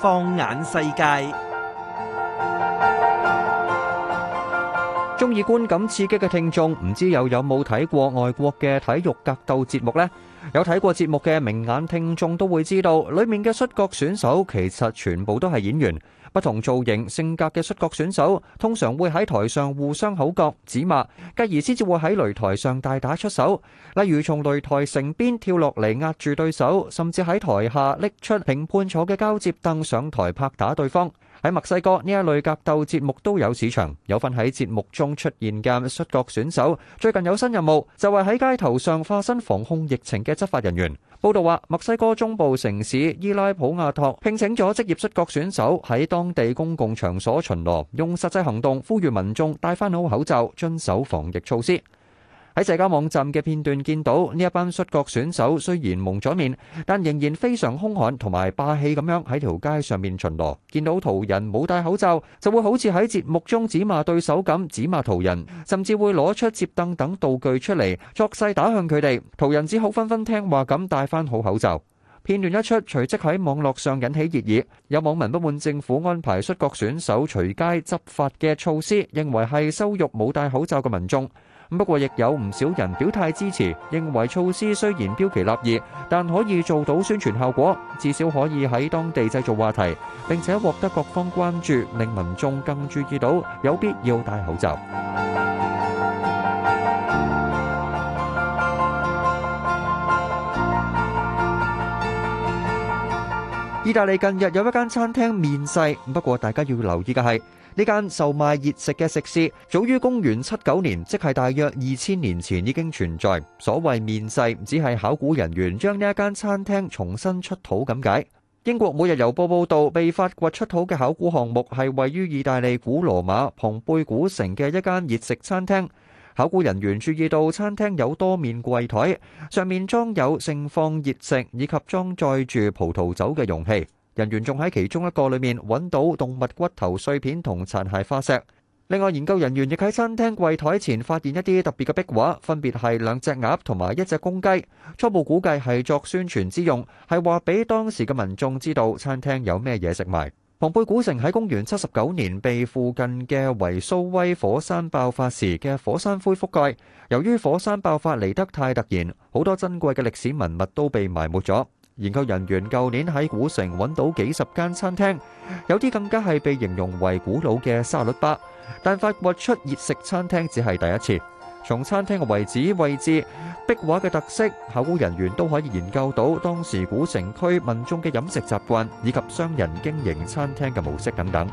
放眼世界。中意觀感刺激嘅聽眾，唔知又有冇睇過外國嘅體育格鬥節目呢？有睇過節目嘅明眼聽眾都會知道，裏面嘅摔角選手其實全部都係演員，不同造型、性格嘅摔角選手通常會喺台上互相口角、指罵，繼而先至會喺擂台上大打出手。例如從擂台城邊跳落嚟壓住對手，甚至喺台下拎出評判坐嘅交接凳上台拍打對方。喺墨西哥呢一類格鬥節目都有市場，有份喺節目中出現嘅摔角選手，最近有新任務，就係喺街頭上化身防控疫情嘅執法人員。報道話，墨西哥中部城市伊拉普亞托聘請咗職業摔角選手喺當地公共場所巡邏，用實際行動呼籲民眾戴翻好口罩，遵守防疫措施。喺社交網站嘅片段見到，呢一班摔角選手雖然蒙咗面，但仍然非常兇悍同埋霸氣咁樣喺條街上面巡邏。見到途人冇戴口罩，就會好似喺節目中指罵對手咁指罵途人，甚至會攞出摺凳等道具出嚟作勢打向佢哋。途人只好紛紛聽話咁戴翻好口罩。片段一出，隨即喺網絡上引起熱議。有網民不滿政府安排摔角選手隨街執法嘅措施，認為係羞辱冇戴口罩嘅民眾。不過亦有唔少人表態支持，認為措施雖然標奇立異，但可以做到宣傳效果，至少可以喺當地製造話題，並且獲得各方關注，令民眾更注意到有必要戴口罩。意大利近日有一間餐廳面世，不過大家要留意嘅係。呢間售賣熱食嘅食肆，早於公元七九年，即係大約二千年前已經存在。所謂面世，只係考古人員將呢一間餐廳重新出土咁解。英國每日郵報報道，被發掘出土嘅考古項目係位於意大利古羅馬龐貝古城嘅一間熱食餐廳。考古人員注意到餐廳有多面櫃枱，上面裝有盛放熱食以及裝載住葡萄酒嘅容器。人員仲喺其中一個裏面揾到動物骨頭碎片同殘骸化石。另外，研究人員亦喺餐廳櫃枱前發現一啲特別嘅壁畫，分別係兩隻鴨同埋一隻公雞。初步估計係作宣傳之用，係話俾當時嘅民眾知道餐廳有咩嘢食埋。龐貝古城喺公元七十九年被附近嘅維蘇威火山爆發時嘅火山灰覆蓋。由於火山爆發嚟得太突然，好多珍貴嘅歷史文物都被埋沒咗。研究人員舊年喺古城揾到幾十間餐廳，有啲更加係被形容為古老嘅沙律吧。但發掘出熱食餐廳只係第一次。從餐廳嘅位置、位置、壁畫嘅特色，考古人員都可以研究到當時古城區民眾嘅飲食習慣以及商人經營餐廳嘅模式等等。